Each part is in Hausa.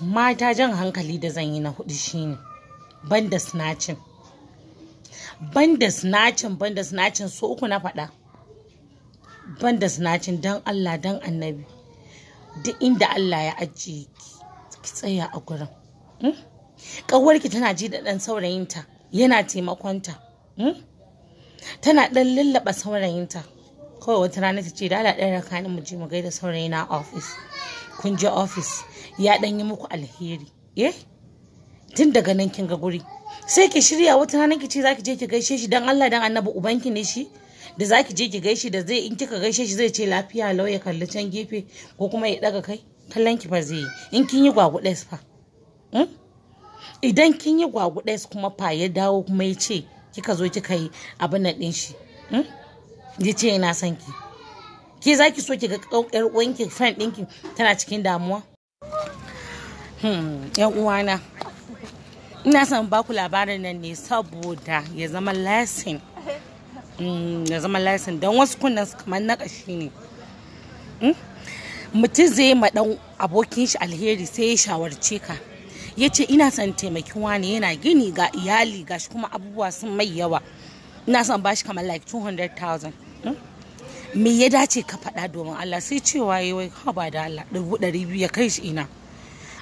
mata jan hankali da zan yi na hudu shine banda snatchin banda snatchin banda snatchin so uku na faɗa banda snatchin don Allah don annabi duk inda Allah ya ajiye ki tsaya a gurin hmm? ƙawarki tana ji da ɗan saurayinta yana taimakonta hmm? tana ɗan lullaba saurayinta kawai wata rana ta ce da ala ɗaya raka ni mu je mu gaida saurayina a ofis kun je ofis ya dan yi muku alheri eh tun daga nan kin ga guri sai ki shirya wata ranar ki ce zaki je ki gaishe shi dan Allah dan Annabi ubanki ne shi da zaki je ki gaishe da zai in kika gaishe shi zai ce lafiya lau ya kalli can gefe ko kuma ya daga kai kallon ki fa zai in kin yi su fa hmm? idan kin yi su kuma fa ya dawo kuma ya ce kika zo kika yi abin nan din shi hmm? ya ce yana son ki ke za ki so ki ga ɗaukar wanki fan ɗinki tana cikin damuwa yan hmm, uwana ina son ba ku labarin nan ne saboda ya zama lesson hmm, ya zama lesson don wasu su kamar na ƙashi ne hmm? mutum zai ma dan abokin shi alheri sai ya shawarce ka ya ce ina son taimakin wani yana gini ga iyali gashi kuma abubuwa sun mai yawa ina son bashi kamar like 200,000 me ya dace ka faɗa domin Allah sai cewa ya wai ka ba da Allah dubu ɗari biyu ya kai shi ina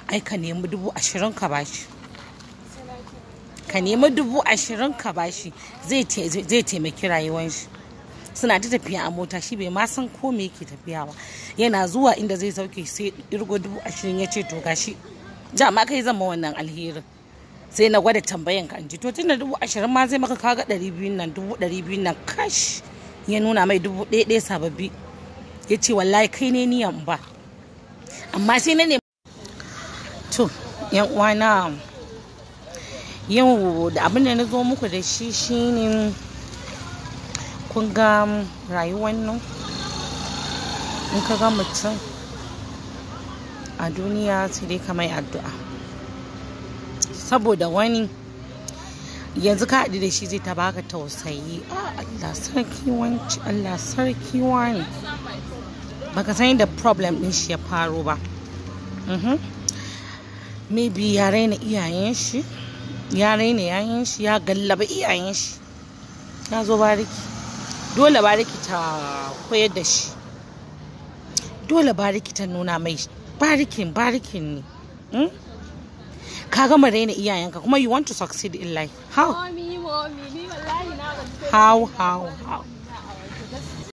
ai ka nemi dubu ashirin ka bashi ka nemi dubu ashirin ka bashi zai taimaki rayuwar shi suna ta tafiya a mota shi bai ma san ko me yake tafiya ba yana zuwa inda zai sauke sai irgo dubu ashirin ya ce to gashi ja ma kai zama wannan alherin sai na gwada tambayan ka ji to tunda dubu ashirin ma zai maka kaga ɗari biyu nan dubu ɗari biyu nan kashi. ya nuna mai dubu ɗaya ɗaya sababbi ya ce wallahi kai ne niyan ba amma sai na ne to yan uwana yau da abin da na zo muku da shi shine kun ga rayuwar nan in ka ga mutum a duniya sai dai ka mai addu'a saboda wani yanzu ka haɗu da shi zai ta baka tausayi ah, Allah sarki wanci Allah sarki wani baka san yadda problem din shi ya faro ba mhm. maybe ya raina iyayen shi ya raina yayin shi ya gallaba iyayen shi ya zo bariki dole bariki ta koyar da shi dole bariki ta nuna mai barikin barikin ne hmm? ka gama raina iyayenka kuma you want to succeed in life how how how how